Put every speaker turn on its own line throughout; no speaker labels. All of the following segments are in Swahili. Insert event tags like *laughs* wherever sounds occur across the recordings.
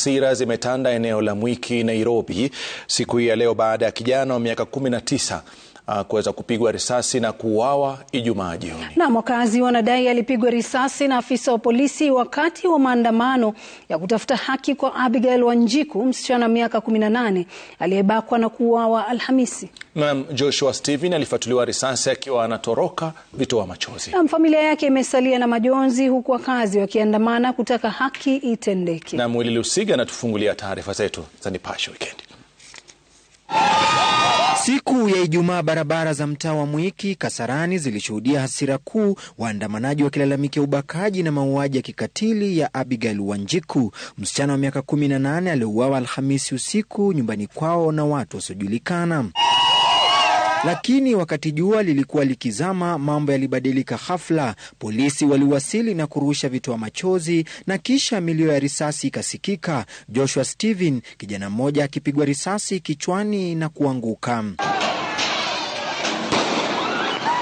hasira zimetanda eneo la Mwiki, Nairobi siku hii ya leo baada ya kijana wa miaka 19 Uh, kuweza kupigwa risasi na kuuawa Ijumaa jioni.
Na wakazi wanadai alipigwa risasi na afisa wa polisi wakati wa maandamano ya kutafuta haki kwa Abigail Wanjiku, msichana wa miaka 18 aliyebakwa na kuuawa Alhamisi.
Naam, Joshua Stephen alifatuliwa risasi akiwa anatoroka vitoa machozi.
Naam, familia yake imesalia na majonzi huku wakazi wakiandamana kutaka haki itendeke.
Naam, Willy Lusiga anatufungulia taarifa zetu za Nipashe Wikendi.
Siku ya Ijumaa, barabara za mtaa wa Mwiki Kasarani zilishuhudia hasira kuu, waandamanaji wakilalamikia ubakaji na mauaji ya kikatili ya Abigail Wanjiku, msichana wa miaka 18 aliyeuawa Alhamisi usiku nyumbani kwao na watu wasiojulikana. Lakini wakati jua lilikuwa likizama, mambo yalibadilika ghafla. Polisi waliwasili na kurusha vitoa machozi na kisha milio ya risasi ikasikika. Joshua Steven, kijana mmoja, akipigwa risasi kichwani na kuanguka.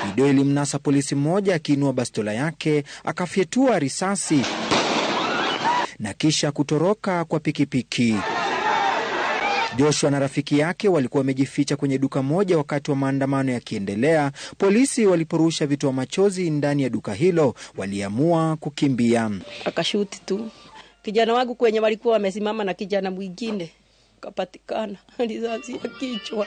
Video ilimnasa polisi mmoja akiinua bastola yake akafyetua risasi na kisha kutoroka kwa pikipiki. Joshua na rafiki yake walikuwa wamejificha kwenye duka moja wakati wa maandamano yakiendelea. Polisi waliporusha vitoa wa machozi ndani ya duka hilo, waliamua kukimbia.
Akashuti tu kijana wangu kwenye walikuwa wamesimama na kijana mwingine kapatikana risasi *laughs* ya kichwa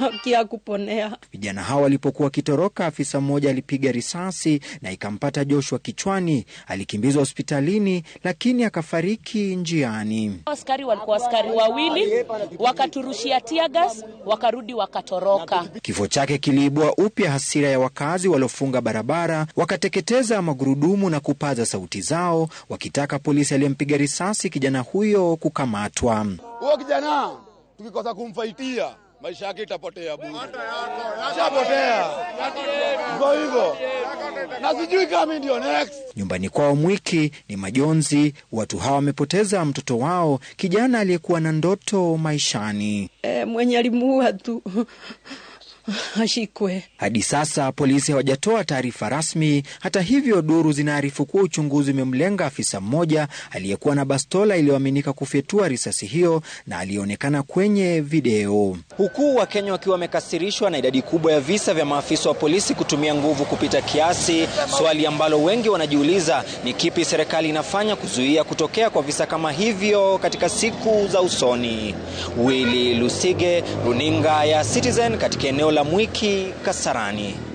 haki ya kuponea.
Vijana hao walipokuwa wakitoroka, afisa mmoja alipiga risasi na ikampata Joshua kichwani. Alikimbizwa hospitalini lakini akafariki njiani.
Askari walikuwa askari wawili, wakaturushia tiagas, wakarudi wakatoroka.
Kifo chake kiliibua upya hasira ya wakazi waliofunga barabara, wakateketeza magurudumu na kupaza sauti zao wakitaka polisi aliyempiga risasi kijana huyo kukamatwa.
Huyo kijana tukikosa kumfaitia maisha yake itapotea bure, itapotea ndio hivyo, na sijui kama ndio next.
Nyumbani kwao Mwiki ni majonzi, watu hawa wamepoteza mtoto wao, kijana aliyekuwa na ndoto maishani.
E, mwenye alimuua tu *laughs* ashikwe.
Hadi sasa polisi hawajatoa taarifa rasmi. Hata hivyo, duru zinaarifu kuwa uchunguzi umemlenga afisa mmoja aliyekuwa na bastola iliyoaminika kufyatua risasi hiyo na aliyeonekana kwenye video, huku Wakenya wakiwa wamekasirishwa na idadi kubwa ya visa vya maafisa wa polisi kutumia nguvu kupita kiasi. Swali ambalo wengi wanajiuliza ni kipi serikali inafanya kuzuia kutokea kwa visa kama hivyo katika siku za usoni. Willy Lusige, runinga ya Citizen katika eneo la kila Mwiki Kasarani.